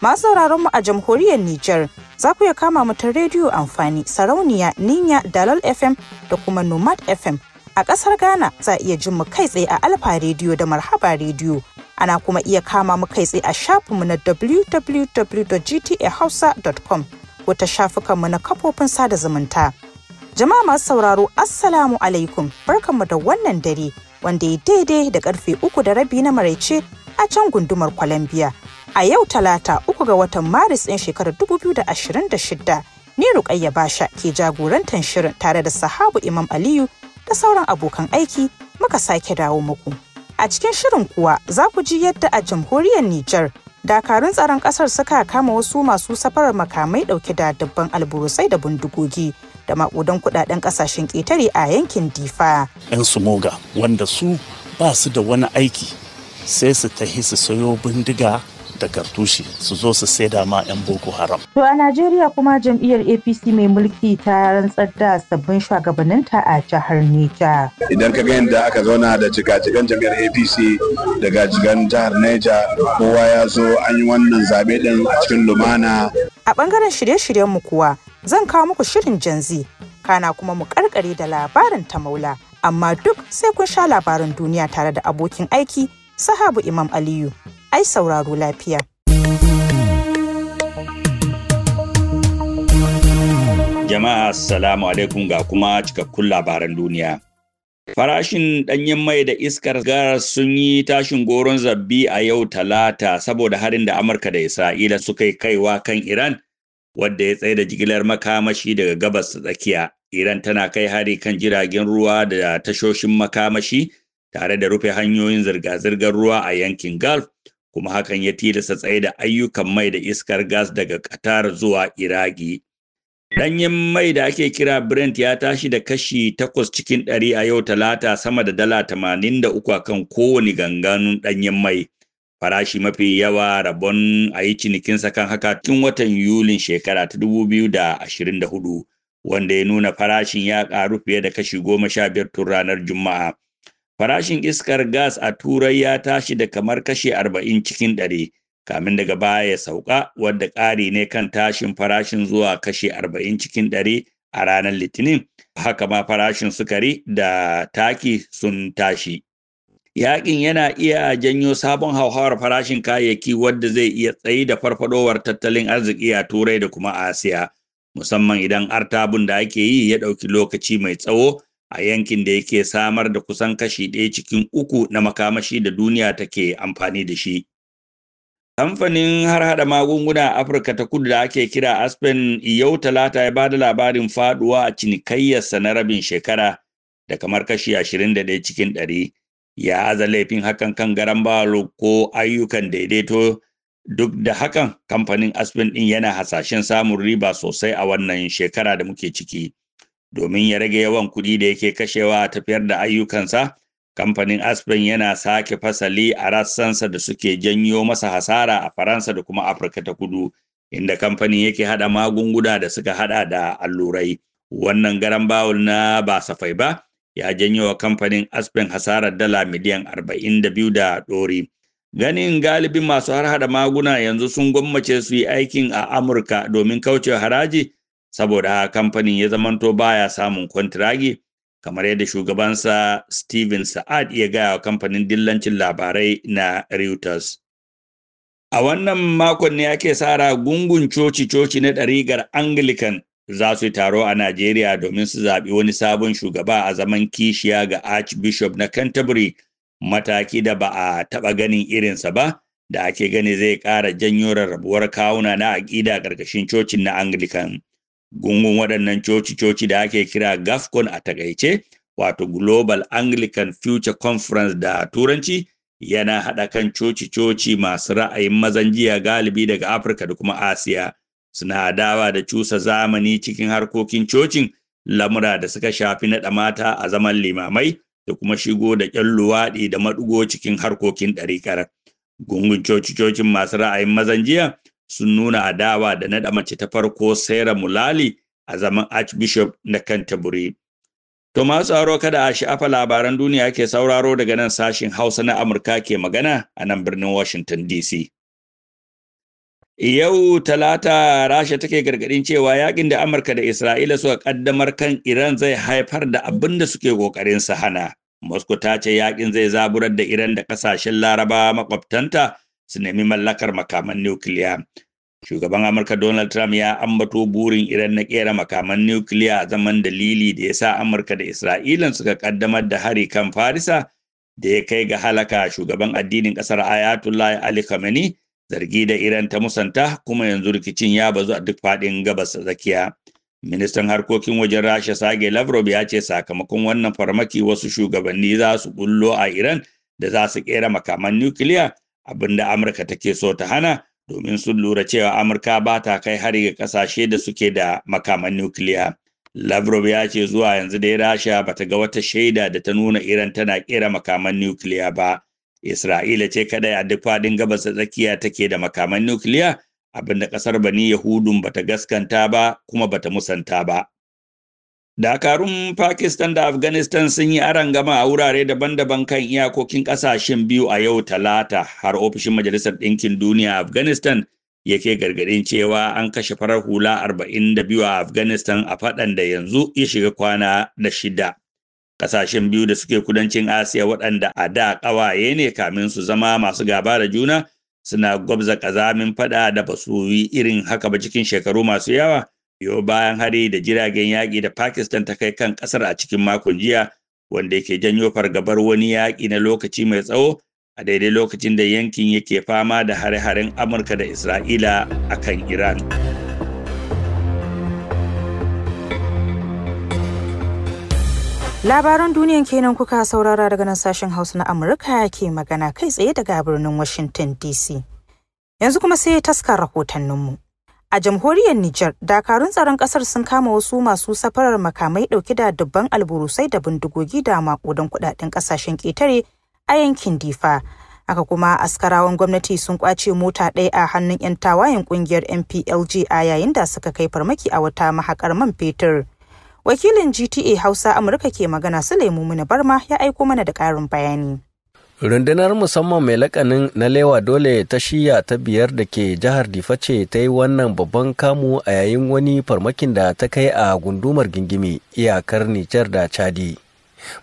Masu sauraron mu a jamhuriyar Nijar za ku iya kama mu ta rediyo amfani sarauniya ninya dalal FM da kuma nomad FM. A ƙasar Ghana za a iya jin mu kai tsaye a Alfa rediyo da Marhaba rediyo. Ana kuma iya kama mu kai tsaye a shafinmu na www.gtahausa.com wata shafukanmu na kafofin sada zumunta. Jama'a masu sauraro Assalamu alaikum barkanmu da wannan dare wanda ya daidai da karfe uku da rabi na maraice a can gundumar kwalambiya. a yau talata uku ga watan maris ɗin shekarar 2026 ne rukayya basha ke jagorantar shirin tare da sahabu imam aliyu da sauran abokan aiki muka sake dawo muku a cikin shirin kuwa za ku ji yadda a jamhuriyar nijar dakarun tsaron kasar suka kama wasu masu safarar makamai ɗauke da dabban alburusai da bindigogi da maƙudan kudaden ƙasashen ƙetare a yankin difa yan sumoga wanda su ba su da wani aiki sai su tahi su sayo bindiga da kartushi su zo su saida ma 'yan boko haram. To a Najeriya kuma jam'iyyar APC mai mulki ta rantsar da sabbin shugabanninta a jihar Neja. Idan ka ga yadda aka zauna da jigajigan jam'iyyar APC daga cikin jihar Neja kowa ya zo an yi wannan zaɓe din a cikin lumana. A bangaren shirye-shiryen mu kuwa zan kawo muku shirin janzi kana kuma mu karkare da labarin ta maula amma duk sai kun sha labarin duniya tare da abokin aiki sahabu Imam Aliyu. ai sauraro lafiya. Jama'a Assalamu alaikum ga kuma cikakkun labaran duniya. Farashin ɗanyen mai da iskar gara sun yi tashin goron zabbi a yau talata saboda harin da Amurka da Isra'ila suka yi kaiwa kan Iran wadda ya tsaye da jigilar makamashi daga gabas tsakiya. Iran tana kai hari kan jiragen ruwa da tashoshin makamashi tare da rufe hanyoyin zirga-zirgar ruwa a yankin Gulf kuma hakan ya tilasta tsaye da ayyukan mai da iskar gas daga Qatar zuwa Iraki. Danyen mai da ake kira Brent ya tashi da kashi 8 cikin ɗari a yau talata sama da dala tamanin da kan kowane ganganun danyen mai. Farashi mafi yawa rabon a yi cinikinsa kan haka cikin watan Yulin shekara ta 2024 wanda ya nuna farashin ya ƙaru fiye da kashi goma tun ranar Juma'a. Farashin iskar gas a Turai ya tashi da kamar kashe 40 cikin ɗari, kamin daga baya ya sauka wadda ƙari ne kan tashin farashin zuwa kashe 40 cikin ɗari a ranar Litinin. Haka ma farashin sukari da taki sun tashi. Yaƙin yana iya janyo sabon hauhawar farashin kayayyaki wadda zai iya tsayi da farfaɗowar tattalin arziki a Turai da kuma Asiya, musamman idan artabun da ake yi ya ɗauki lokaci mai tsawo a yankin da yake samar da kusan kashi ɗaya cikin uku na makamashi da duniya take amfani da shi. Kamfanin har hada magunguna Afirka ta kudu da ake kira Aspen yau talata ya bada labarin faduwa a cinikayyarsa na rabin shekara da kamar kashi ashirin da ɗaya cikin ɗari. Ya aza laifin hakan kan garan balo ko ayyukan daidaito duk da hakan kamfanin Aspen ɗin yana hasashen samun riba sosai a wannan shekara da muke ciki. domin ya rage yawan kuɗi da yake kashewa a tafiyar da ayyukansa kamfanin aspirin yana sake fasali a rassansa da suke janyo masa hasara a faransa da kuma afirka ta kudu inda kamfanin yake haɗa magunguna da suka haɗa da allurai wannan garan bawul na ba safai ba ya janyo wa kamfanin Aspen hasarar dala miliyan arba'in da biyu da ɗori. ganin galibin masu har haɗa maguna yanzu sun gwammace su yi aikin a amurka domin kaucewa haraji saboda kamfanin ya zamanto baya samun kwantiragi kamar yadda shugabansa Steven Sa'ad ya gaya wa kamfanin dillancin labarai na Reuters. A wannan makon ne ake sara gungun coci-coci na ɗarigar Anglican za su taro a Najeriya domin su zaɓi wani sabon shugaba a zaman kishiya ga Archbishop na Canterbury mataki da ba a taɓa ganin irinsa ba da ake gani zai ƙara janyo rarrabuwar kawuna na aƙida ƙarƙashin cocin na Anglican. gungun waɗannan coci-coci da ake kira gafcon a takaice wato global anglican future conference da turanci yana haɗa kan coci-coci masu ra'ayin mazan jiya galibi daga afirka da kuma asiya suna dawa da cusa zamani cikin harkokin cocin lamura da suka shafi naɗa mata a zaman limamai da kuma shigo da ƙyan luwaɗi da maɗugo cikin harkokin ɗariƙar gungun coci-cocin masu ra'ayin mazan jiya sun nuna adawa da naɗa mace ta farko Saira Mulali a zaman Archbishop na Canterbury. To ma tsaro kada a sha'afa labaran duniya ke sauraro daga nan sashin Hausa na Amurka ke magana a nan birnin Washington DC. Yau Talata Rasha take gargaɗin cewa yakin da Amurka da Isra'ila suka kaddamar kan Iran zai haifar da abin da suke kokarin su hana. Moscow ta ce yakin zai zaburar da Iran da kasashen Laraba makwabtanta su nemi mallakar makaman nukiliya shugaban amurka donald trump ya ambato burin iran na kera makaman nukiliya a zaman dalili da ya sa amurka da isra'ilan suka kaddamar da hari kan farisa da ya kai ga halaka shugaban addinin kasar ayatollah ali khamenei zargi da iran ta musanta kuma yanzu rikicin ya bazu a duk faɗin gabas tsakiya ministan harkokin wajen rasha sage lavrov ya ce sakamakon wannan farmaki wasu shugabanni za su bullo a iran da za su kera makaman nukiliya abin da Amurka take so ta hana domin sun lura cewa Amurka ba ta kai hari ga kasashe da suke da makaman nukiliya. Lavrov ya ce zuwa yanzu dai Rasha ba ta ga wata shaida da ta nuna Iran tana kera makaman nukiliya ba. Isra'ila ce kadai a duk faɗin gabas da tsakiya take da makaman nukiliya abinda ƙasar Bani Yahudun bata gaskanta ba kuma bata musanta ba. Dakarun Pakistan da Afghanistan sun yi gama a wurare daban-daban kan iyakokin ƙasashen biyu a yau talata har ofishin Majalisar Ɗinkin Duniya Afghanistan yake gargaɗin cewa an kashe farar hula 42 a Afghanistan a faɗan da yanzu ya shiga kwana da shida. Ƙasashen biyu da suke kudancin Asiya waɗanda a da ƙawaye ne kamin su zama masu gaba da juna suna gwabza ƙazamin faɗa da basu yi irin haka ba cikin shekaru masu yawa. biyo bayan hari da jiragen yaƙi da Pakistan ta kai kan ƙasar a cikin makon jiya wanda yake janyo fargabar wani yaƙi na lokaci mai tsawo a daidai lokacin da yankin yake fama da hare-haren Amurka da Isra'ila a kan Iran. Labaran duniyan kenan kuka saurara daga nan sashen Hausa na Amurka ke magana kai tsaye daga birnin Washington DC. Yanzu kuma sai taskar rahotanninmu. A jamhuriyar Nijar, dakarun tsaron kasar sun kama wasu masu safarar makamai dauke da dubban alburusai da bindigogi da makudan kudaden kasashen ketare a yankin Difa. Haka kuma askarawan gwamnati sun kwace mota ɗaya a hannun 'yan tawayen kungiyar MPLG a yayin da suka kai farmaki a wata mahakar man fetur. Wakilin GTA Hausa Amurka ke magana Sulaimu Muna Barma ya aiko mana da ƙarin bayani. Rundunar musamman mai lakanin na lewa dole ta shiya ta biyar da ke jihar ce ta yi wannan babban kamu a yayin wani farmakin da ta kai a gundumar gingimi iyakar Nijar da Chadi.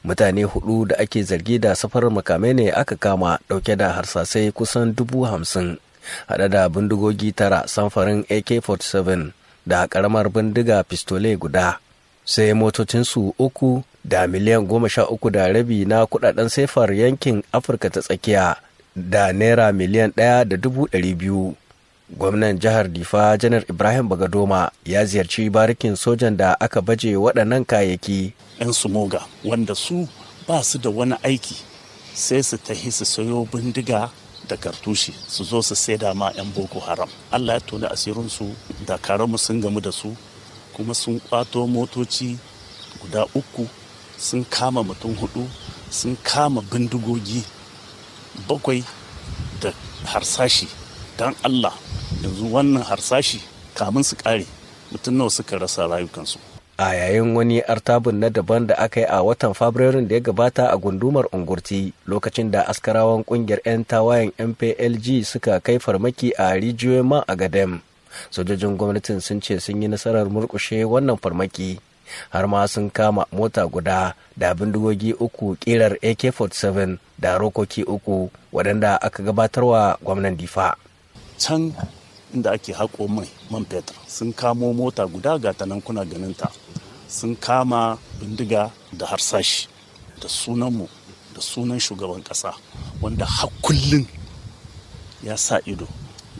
Mutane hudu da ake zargi da safar makamai ne aka kama dauke da harsasai kusan dubu hamsin, hada da bindigogi tara samfarin AK-47 da karamar bindiga pistole guda. sai motocinsu uku da miliyan goma sha uku da rabi na kudaden saifar yankin afirka ta tsakiya da naira miliyan ɗaya da dubu ɗari biyu gwamnan jihar difa janar ibrahim bagadoma ya ziyarci barikin sojan da aka baje waɗannan kayayyaki 'yan sumoga wanda su ba su da wani aiki sai su tahi su sayo bindiga da kartushi su zo su saida ma 'yan boko haram allah ya tuni asirinsu da karamu sun gamu da su kuma sun kwato motoci guda uku sun kama mutum hudu sun kama bindigogi bakwai da harsashi don allah yanzu wannan harsashi kamun su kare mutum nawa suka rasa rayukansu a yayin wani artabin na daban da aka yi a watan fabrairun da ya gabata a gundumar ungurti lokacin da askarawan kungiyar 'yan tawayen mplg suka kai farmaki a rijiyoyin a gadem sojojin gwamnatin sun ce sun yi nasarar murkushe wannan farmaki har ma sun kama mota guda da bindigogi uku kirar ak-47 da rokoki uku waɗanda aka gabatarwa gwamnan difa can inda ake haƙo mai man fetur sun kamo mota guda ga tanan kuna ganinta sun kama bindiga da harsashi da sunanmu da sunan shugaban ƙasa wanda har kullum ya sa ido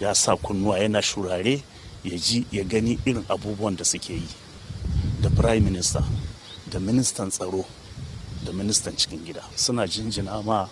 ya sa kunnuwa yana shurare ya ji ya gani irin abubuwan da suke yi da prime minister da ministan tsaro da ministan cikin gida suna jinjina ma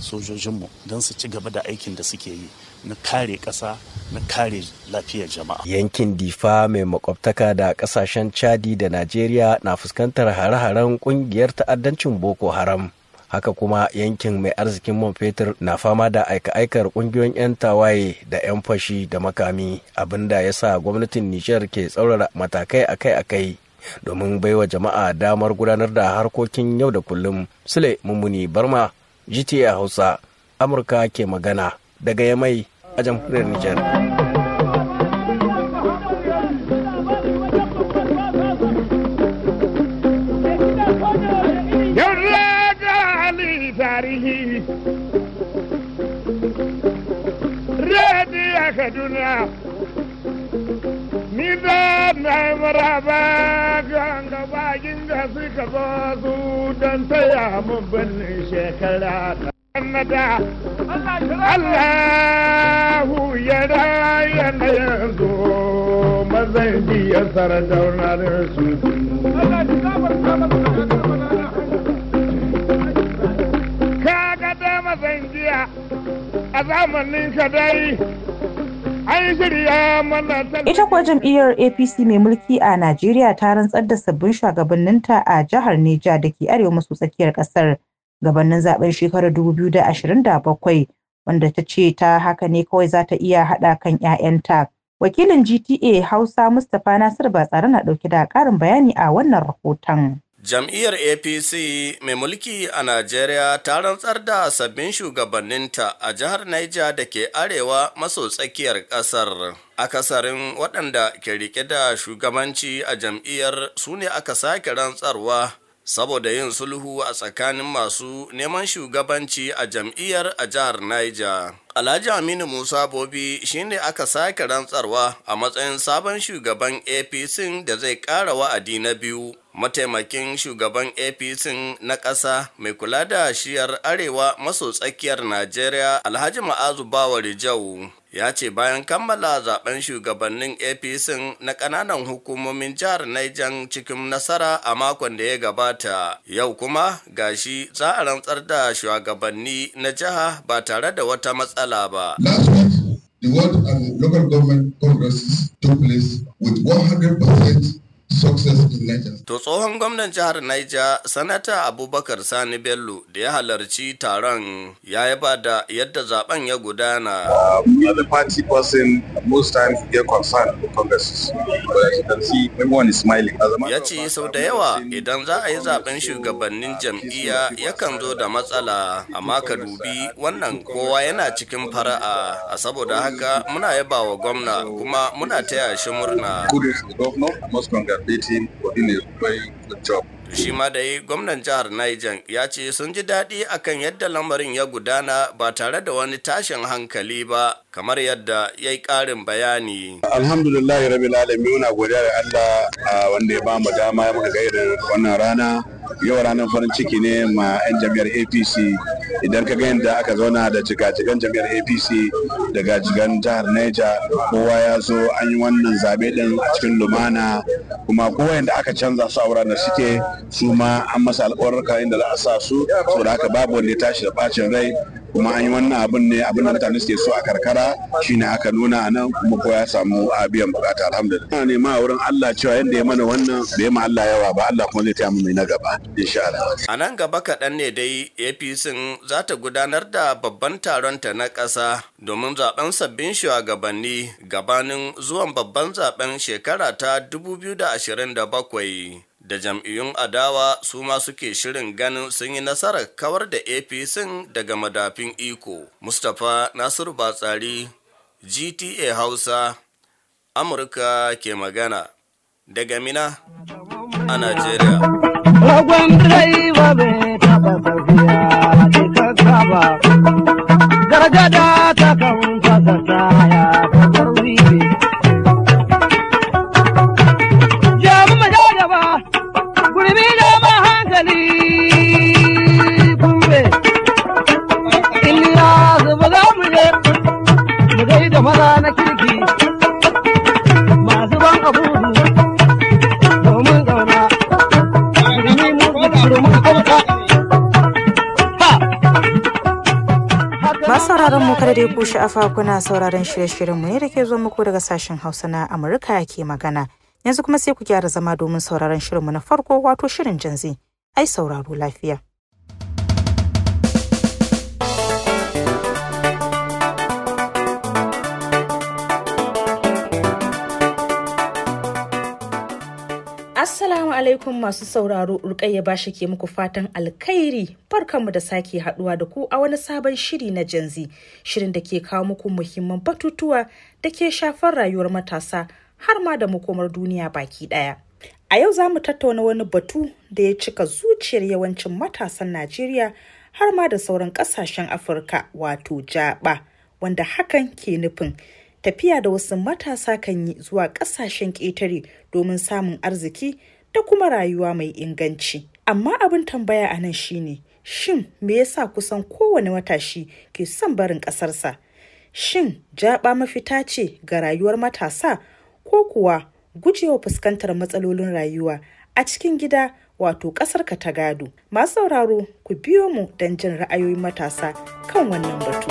sojojinmu don su ci gaba da aikin da suke yi na kare ƙasa na kare lafiyar jama'a. Yankin Difa mai makwabtaka da ƙasashen Chadi da Najeriya na fuskantar hare-haren ƙungiyar ta'addancin Boko Haram. haka kuma yankin mai arzikin man fetur na fama da aika-aikar kungiyoyin 'yan tawaye da 'yan fashi da makami abinda ya sa gwamnatin nijar ke tsaurara matakai akai-akai domin baiwa jama'a damar gudanar da harkokin yau da kullum sule mummuni barma gta hausa amurka ke magana daga yamai a jamhuriyar nijar kaduna ni da na yi maraba ga gin da suka zo su don taya mun birnin shekara da Allahu ya raya na yanzu mazan biyar sardauna su ga da mazan a zamanin ka dai Ita kuwa jam'iyyar APC mai mulki a Najeriya ta rantsar da sabbin shugabanninta a jihar Neja da ke arewa maso tsakiyar kasar gabanin zaben shekarar 2027 wanda ta ce ta haka ne kawai za ta iya haɗa kan 'ya'yanta. Wakilin GTA Hausa Mustapha Nasir ba tsare na ɗauke da ƙarin bayani a wannan rahoton. Jam'iyyar APC mai mulki a Najeriya ta rantsar da sabbin shugabanninta a jihar Niger da ke arewa maso tsakiyar ƙasar. Akasarin waɗanda ke rike da shugabanci a jam'iyyar su ne aka sake rantsarwa saboda yin sulhu a tsakanin masu neman shugabanci a jam'iyyar a jihar Niger. Alhaji Aminu Musa Bobi shine aka sake rantsarwa a matsayin sabon shugaban APC da zai ƙara wa'adi na biyu. Mataimakin shugaban APC na ƙasa mai kula da shiyar arewa maso tsakiyar Najeriya Alhaji Ma'azu Bawari Jau ya ce bayan kammala zaben shugabannin APC na ƙananan hukumomin jihar Niger cikin nasara a makon da ya gabata. Yau kuma gashi za a rantsar da shugabanni na jiha ba tare da wata matsala matsala ba. The World and Local Government Congresses took place with 100% To tsohon gwamnan jihar Niger, Sanata Abubakar Sani Bello da ya halarci taron ya yaba da yadda zaben ya gudana. Ya ce sau da yawa idan za a yi zaben shugabannin jam'iyya yakan zo da matsala, amma ka dubi uh, wannan kowa uh, yana cikin fara'a. A saboda haka muna yaba wa gwamna kuma muna taya shi murna. dating coordinator good job. shi ma yi gwamnan jihar Niger ya ce sun ji daɗi akan yadda lamarin ya gudana ba tare da wani tashin hankali ba kamar yadda ya yi ƙarin bayani. Alhamdulillah rabbil alamin muna godiya da Allah wanda ya ba mu dama ya muka gairin wannan rana yau ranar farin ciki ne ma 'yan jami'ar APC idan ka ga yadda aka zauna da cikin jami'ar apc daga cikin jihar Neja, kowa ya zo an yi wannan zabe din a cikin lumana kuma kowa yadda aka canza su a wuraren da suke su ma an masa alƙawarka inda za a sa su saboda haka babu wanda ya tashi da bacin rai kuma an yi wannan abin ne abin da mutane suke so a karkara shine aka nuna a nan kuma ko ya samu a bukata alhamdulillah ina nema a wurin Allah cewa yanda ya mana wannan bai ma Allah yawa ba Allah kuma zai taya mu mai na gaba insha a nan gaba kaɗan ne dai APC za ta gudanar da babban taronta na ƙasa domin zaben sabbin shugabanni gabanin zuwan babban zaben shekara ta 2027. da jam'iyyun adawa su ma suke shirin ganin sun yi nasarar kawar da apc daga madafin iko mustapha nasiru batsari gta hausa amurka ke magana daga mina a najeriya sauraron mu kada dai ku sha'afa kuna sauraron shirye-shiryen mu ne da ke zo muku daga sashen Hausa na Amurka ke magana. Yanzu kuma sai ku gyara zama domin sauraron shirinmu na farko wato shirin janzi. ai sauraro lafiya. Assalamu alaikum masu sauraro Rukayya Bashi ke muku fatan alkhairi barkanmu da sake haduwa da ku a wani sabon shiri na janzi shirin da ke kawo muku muhimman batutuwa da ke shafar rayuwar matasa har ma da makomar duniya baki daya. A yau za mu tattauna wani batu da ya cika zuciyar yawancin matasan Najeriya har ma da sauran ƙasashen Afirka wato jaɓa, wanda hakan ke nufin tafiya da wasu matasa kan yi zuwa ƙasashen ƙetare domin samun arziki da kuma rayuwa mai inganci. Amma abin tambaya a nan shine, shin me yasa kusan kowane matashi ke son barin ƙasarsa? Shin jaɓa mafita ce ga rayuwar matasa ko kuwa gujewa fuskantar matsalolin rayuwa a cikin gida wato ƙasarka ta gado. Masu sauraro ku biyo mu don jin ra'ayoyin matasa kan wannan batu.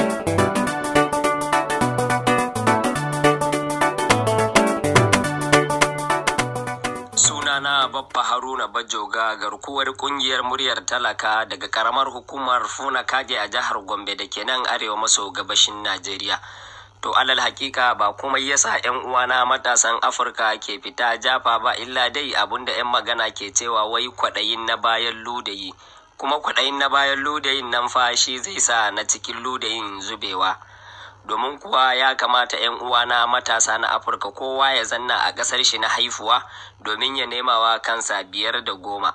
Sunana Baffa Haruna Bajoga garkuwar kungiyar muryar talaka daga karamar hukumar Funa Kage a jihar Gombe da ke nan arewa maso gabashin Najeriya. to alal hakika ba kuma yasa yan uwana matasan afirka ke fita jafa ba illa dai abinda yan magana ke cewa wai kwaɗayin na bayan ludayi kuma kwaɗayin na bayan ludayin nan fa shi zai sa na cikin ludayin zubewa domin kuwa ya kamata 'yan uwana matasa na afirka kowa ya zanna a ƙasar shi na haifuwa domin ya nemawa kansa biyar da goma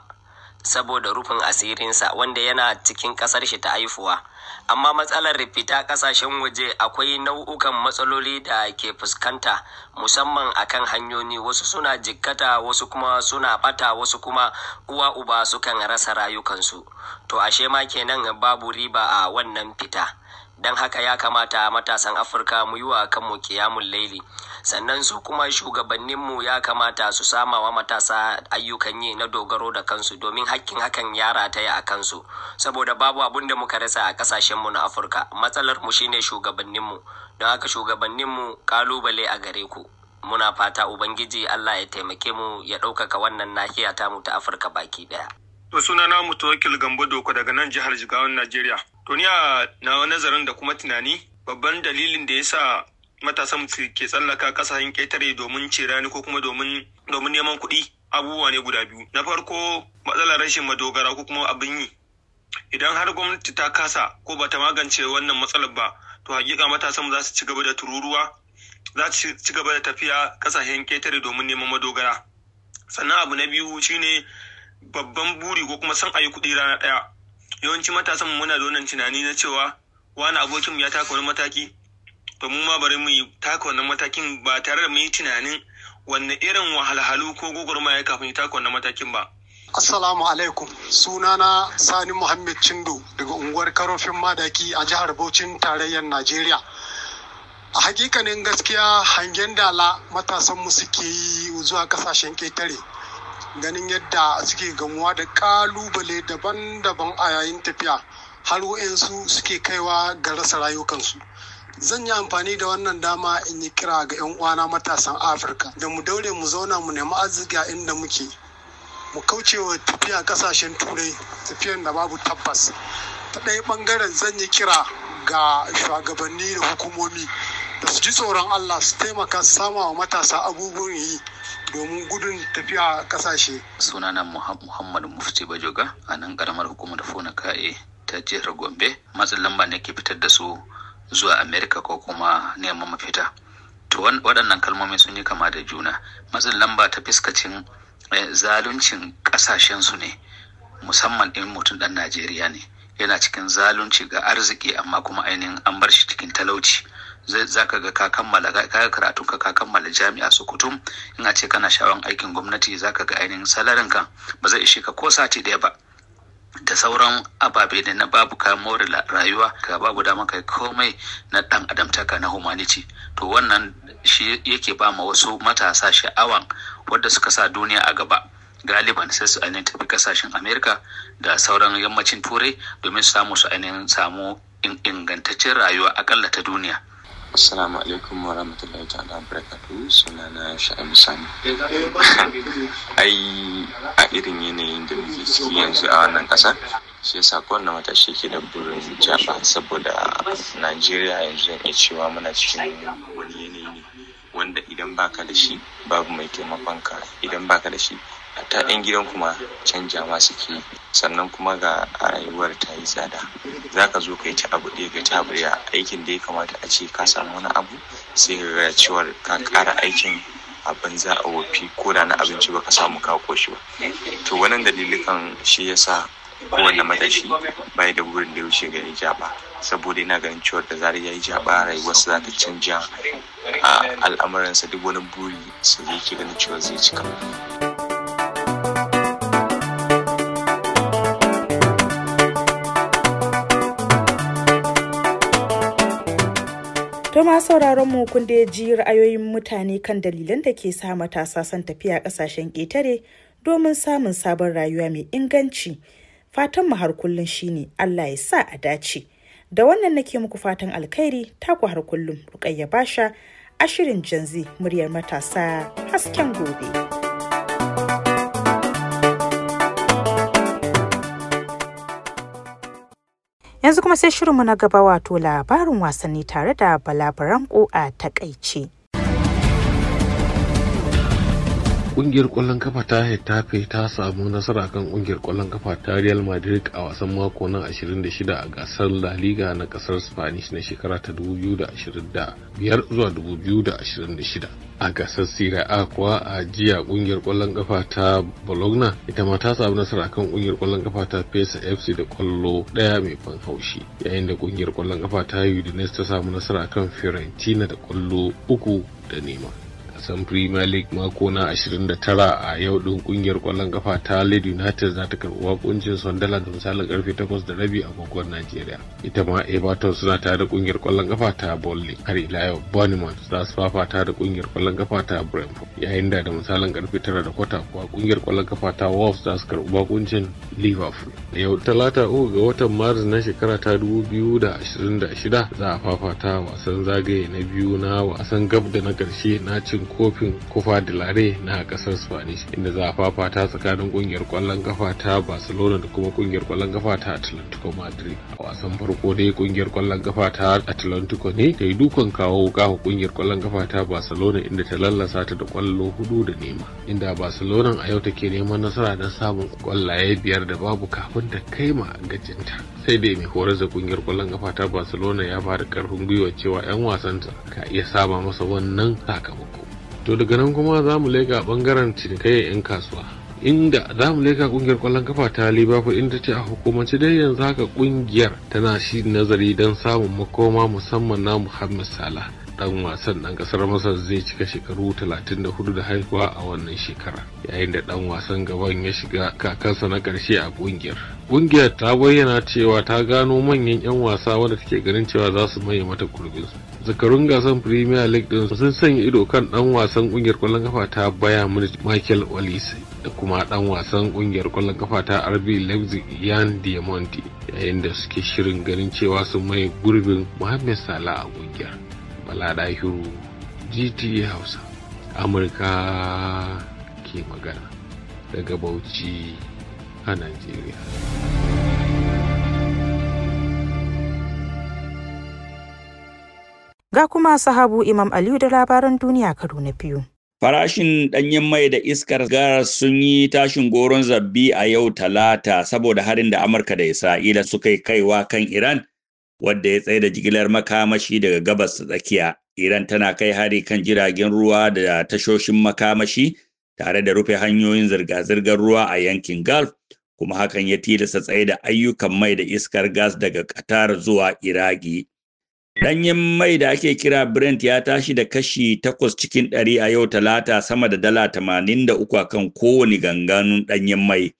saboda rufin asirinsa wanda yana cikin ƙasar shi ta haifuwa. Amma matsalar fita ƙasashen waje akwai nau'ukan matsaloli da ke fuskanta musamman akan hanyoyi wasu suna jikkata wasu kuma suna bata wasu kuma uwa uba sukan rasa rayukansu. To ashe ma kenan babu riba a wannan fita. don haka ya kamata matasan afirka mu yi wa kanmu kiyamun laili sannan su kuma shugabanninmu ya kamata su sama wa matasa ayyukan yi na dogaro da kansu domin hakkin hakan ya rataya a kansu saboda babu abun da muka rasa a kasashenmu na afirka matsalar mu shine shugabanninmu don haka shugabanninmu kalubale a gare ku muna fata ubangiji allah ya taimake mu ya ɗaukaka wannan nahiya tamu ta afirka baki ɗaya. sunana mutuwakil gambo doko daga nan jihar jigawan najeriya Duniya na nazarin da kuma tunani babban dalilin da ya sa matasan ke tsallaka kasashen ƙetare domin cirani ko kuma domin neman kuɗi abubuwa ne guda biyu. Na farko matsalar rashin madogara ko kuma abin yi. Idan har gwamnati ta kasa ko ba ta magance wannan matsalar ba to hakika matasan za su ci gaba da tururuwa za su ci gaba da tafiya kasashen ƙetare domin neman madogara. Sannan abu na biyu shine babban buri ko kuma son yi kuɗi rana ɗaya. yawanci matasan muna da wannan tunani na cewa wani abokin ya taka wani mataki to mu ma bari mu taka wannan matakin ba tare da mu yi tunanin wanne irin wahalhalu ko ya kafin taka wannan matakin ba Assalamu alaikum sunana Sani Muhammad Chindo daga unguwar Karofin Madaki a jihar Bauchin tarayyar Najeriya. A hakikanin gaskiya hangen dala matasanmu suke yi zuwa kasashen ketare. ganin yadda suke gamuwa da kalubale daban-daban a yayin tafiya har wa'ansu suke kaiwa ga rasa rayukansu zan yi amfani da wannan dama in yi kira ga 'yan uwana matasan afirka da mu daure mu zauna mu nemi arziki a inda muke mu kauce wa tafiya kasashen turai tafiyan da babu tabbas ta ɗaya ɓangaren zan yi kira ga shugabanni da hukumomi da su ji tsoron allah su taimaka su sama wa matasa abubuwan yi domin gudun tafiya kasashe. sunana muhammad mufti bajoga a nan karamar hukumar fona ka'e ta jihar gombe matsin lamba ne ke fitar da su zuwa amerika ko kuma neman mafita to waɗannan kalmomi sun yi kama da juna matsin lamba ta fiskacin eh, zaluncin ƙasashensu ne musamman in mutum ɗan najeriya ne yana cikin zalunci ga arziki amma kuma ainihin an bar shi cikin talauci za ka ga ka kammala kayan karatun ka kammala jami'a su kutum in a ce kana sha'awar aikin gwamnati za ka ga ainihin salarin ka ba zai ishe ka ko sati ɗaya ba da sauran ababe da na babu kayan more rayuwa ka babu dama kai komai na dan adamtaka na humanity to wannan shi yake ba ma wasu matasa sha'awan wadda suka sa duniya a gaba galiban sai su ainihin tafi kasashen amerika da sauran yammacin turai domin su samu su ainihin samu ingantaccen rayuwa akalla ta duniya Assalamu alaikum wa rahmatullahi ta'ala barakatu suna na sha'abu sani. Ai a irin yanayin da muke ciki yanzu a wannan ƙasa shi yasa kowanne shi ke da burin jaba saboda Najeriya yanzu zan iya cewa muna cikin wani yanayi ne wanda idan baka da shi babu mai taimakon ka idan baka da shi hatta ɗan gidan kuma canja ma suke sannan kuma ga rayuwar ta yi tsada za ka zo ka yi ta abu ɗaya ka ta abu ɗaya aikin da ya kamata a ce ka samu wani abu sai ka ga cewa ka ƙara aikin abin za a wofi ko da na abinci ba ka samu ka koshi ba to wannan dalilikan shi ya sa kowane matashi bai da burin da wuce ga jaba saboda yana ganin cewa da zarar ya yi jaba rayuwarsa za ta canja a al'amuransa duk wani buri su zai ke ganin cewa zai cika kuma sauraron mu kun da ji ra'ayoyin mutane kan dalilan da ke sa matasa son tafiya kasashen ƙetare domin samun sabon rayuwa mai inganci. Fatan mu har kullum shine Allah ya sa a dace. Da wannan nake muku fatan alkhairi taku har kullum Rukayya Basha ashirin shirin Janzi muryar matasa hasken gobe. Yanzu kuma sai shirinmu na gaba wato labarin wasanni tare da Bala a takaice. kungiyar kwallon kafa ta hetafe ta samu nasara kan kungiyar kwallon kafa ta real madrid a wasan mako na 26 a gasar la liga na kasar spanish na shekara ta 2025 zuwa 2026 a gasar sira a kuwa a jiya kungiyar kwallon kafa ta bologna ita ma ta samu nasara kan kungiyar kwallon kafa ta pesa fc da kwallo daya mai fan haushi yayin da kungiyar kwallon kafa ta udinese ta samu nasara kan fiorentina da kwallo uku da nema wasan premier league mako na 29 a yau din kungiyar kwallon kafa ta lead united za ta karbi wakuncin sunderland da misalin karfe 8 da rabi a gogon nigeria ita ma everton suna tare da kungiyar kwallon kafa ta bolle har ila yau bournemouth za su fafata da kungiyar kwallon kafa ta brentford yayin da da misalin karfe 9 da kwata kuwa kungiyar kwallon kafa ta wolves za su karbi wakuncin liverpool yau talata uku ga watan maris na shekara ta 2026 za a fafata wasan zagaye na biyu na wasan gab da na karshe na cin kofin kofa da lare na kasar spanish inda za a fafata tsakanin kungiyar kwallon kafa ta barcelona da kuma kungiyar kwallon kafa ta atlantico madrid a wasan farko dai kungiyar kwallon kafa ta atlantico ne ta yi dukan kawo wuka ga kungiyar kwallon kafa ta barcelona inda ta lallasa ta da kwallo hudu da nema inda barcelona a yau take neman nasara don samun kwallaye biyar da babu kafin ta kai ma gajinta sai dai mai horar da kungiyar kwallon kafa ta barcelona ya ba da karfin gwiwa cewa 'yan wasanta ka iya saba masa wannan sakamako to daga nan kuma za mu leƙa ɓangaren cinikayyar 'yan kasuwa inda za mu leka kungiyar kwallon kafa ta liverpool inda ce a hukumance dai yanzu haka kungiyar tana shi nazari don samun makoma musamman na muhammad salah dan wasan dan kasar masar zai cika shekaru 34 da haihuwa a wannan shekara yayin da dan wasan gaban ya shiga kakansa na karshe a kungiyar kungiyar ta bayyana cewa ta gano manyan 'yan wasa wanda take ganin cewa za su maye mata kurbinsu zakarun gasar premier league din sun sanya ido kan dan wasan kungiyar kwallon kafa ta bayern munich michael olise da kuma dan wasan kungiyar kwallon kafa ta rb leipzig yan diamondi yayin da suke shirin ganin cewa sun mai gurbin mohamed salah a kungiyar bala dahiru gta hausa amurka ke magana daga bauchi a nigeria Ga kuma sahabu Imam Aliyu da labaran duniya karo na biyu. Farashin ɗanyen mai da iskar gas sun yi tashin goron zabbi a yau talata saboda harin da Amurka da Isra'ila suka yi kaiwa kan Iran wadda ya tsaye da jigilar makamashi daga gabas ta tsakiya. Iran tana kai hari kan jiragen ruwa da tashoshin makamashi tare da rufe hanyoyin zirga-zirgar ruwa a yankin Gulf kuma hakan ya tilasta tsaye da ayyukan mai da iskar gas daga Qatar zuwa Iraki. Ɗanyen mai da ake kira Brent ya tashi da kashi takwas cikin ɗari a yau talata sama da dala tamanin da uku akan kowane ganganun ɗanyen mai.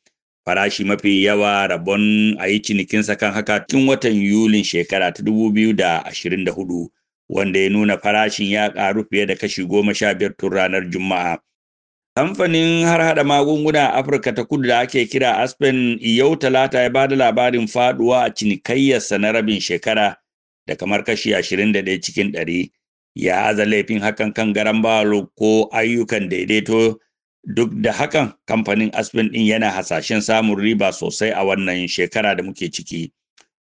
Farashi mafi yawa rabon a yi cinikinsa kan haka tun watan Yulin shekara ta dubu da hudu, wanda ya nuna farashin ya ƙaru fiye da kashi goma sha biyar tun ranar Juma'a. Kamfanin har hada magunguna a Afirka ta kudu da ake kira Aspen yau talata ya ba da labarin faduwa a cinikayyarsa na rabin shekara da kamar kashi 21 cikin ɗari ya aza laifin hakan kan garan balo ko ayyukan daidaito duk da hakan kamfanin aspen din yana hasashen samun riba sosai a wannan shekara da muke ciki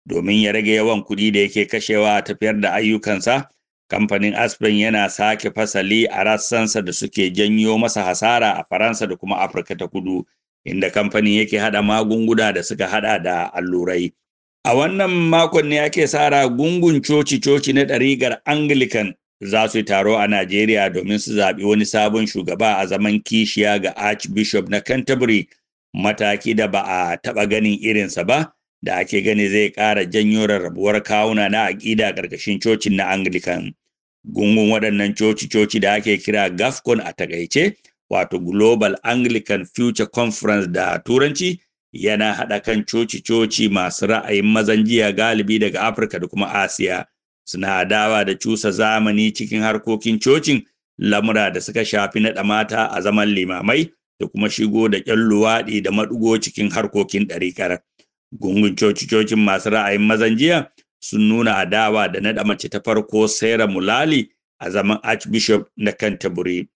domin ya rage yawan kuɗi da yake kashewa a tafiyar da ayyukansa kamfanin aspen yana sake fasali a rassansa da suke janyo masa hasara a faransa da kuma afirka ta kudu inda kamfanin yake hada magunguna da suka hada da allurai A wannan makon ne ake sara gungun coci-coci na ɗarigar Anglican za su yi taro a Najeriya domin su zaɓi wani sabon shugaba a zaman kishiya ga Archbishop na Canterbury mataki da ba a taɓa ganin irinsa ba da ake gani zai ƙara janyo rarrabuwar kawuna na aƙida ƙarƙashin cocin na Anglican. Gungun waɗannan coci-coci da ake kira GAFCON a takaice, wato Global Anglican Future Conference da Turanci, yana haɗa kan coci-coci masu ra'ayin mazan jiya galibi daga Afirka da kuma Asiya. Suna adawa da cusa zamani cikin harkokin cocin lamura da suka shafi naɗa mata a zaman limamai da kuma shigo da ƙyan luwaɗi da maɗugo cikin harkokin ɗarikar. Gungun coci-cocin masu ra'ayin mazan jiya sun nuna adawa da naɗa mace ta farko Sarah Mulali a zaman Archbishop na Canterbury.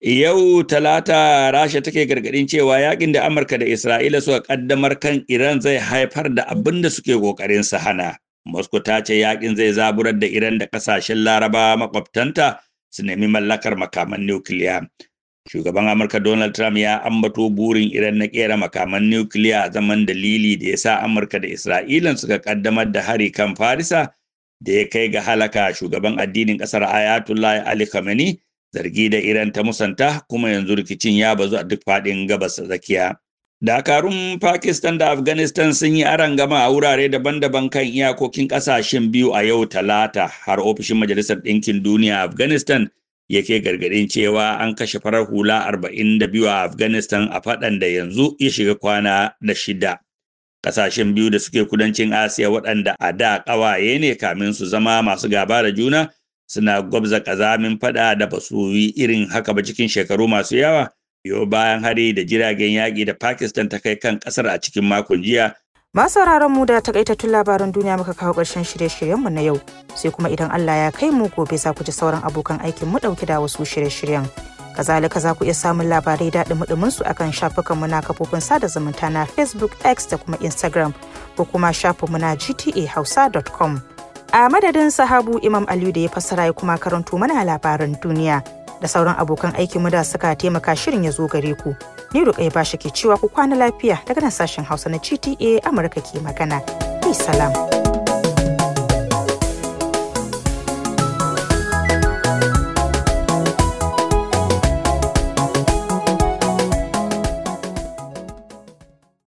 Yau Talata Rasha take gargadin cewa yakin da Amurka da Isra'ila suka kaddamar kan Iran zai haifar da abin da suke kokarin su hana. Moscow ta ce yakin zai zaburar da Iran da kasashen Laraba makwabtanta su nemi mallakar makaman nukiliya. Shugaban Amurka Donald Trump ya ambato burin Iran na kera makaman nukiliya zaman dalili da ya sa Amurka da Isra'ilan suka kaddamar da hari kan Farisa da ya kai ga halaka shugaban addinin ƙasar Ayatollah Ali Khamenei zargi da Iran ta musanta kuma yanzu rikicin ya bazu a duk faɗin gabas tsakiya. Dakarun Pakistan da Afghanistan sun yi gama a wurare daban-daban kan iyakokin ƙasashen biyu a yau talata har ofishin Majalisar Ɗinkin Duniya Afghanistan yake gargadin cewa an kashe farar hula 42 a Afghanistan a faɗan da yanzu ya shiga kwana da shida. Ƙasashen biyu da suke kudancin Asiya waɗanda a da ƙawaye ne kamin su zama masu gaba da juna suna gwabza ƙazamin faɗa da ba su irin haka ba cikin shekaru masu yawa biyo bayan hari da jiragen yaƙi da Pakistan ta kai kan ƙasar a cikin makon jiya. Masu mu da takaitattun labaran duniya muka kawo ƙarshen shirye-shiryenmu na yau sai kuma idan Allah ya kai mu gobe za ku ji sauran abokan aikin mu ɗauki da wasu shirye-shiryen. Kazalika za ku iya samun labarai daɗin muɗuminsu su akan shafukanmu na kafofin sada zumunta na Facebook, X da kuma Instagram ko kuma shafinmu na gtahausa.com. a madadin sahabu imam aliyu da ya fassara ya kuma karanto mana labaran duniya da sauran abokan aikin mu da suka taimaka shirin ya zo gare ku ni ruƙai ba shi ke cewa ku kwana lafiya daga nan sashen hausa na gta amurka ke magana salam.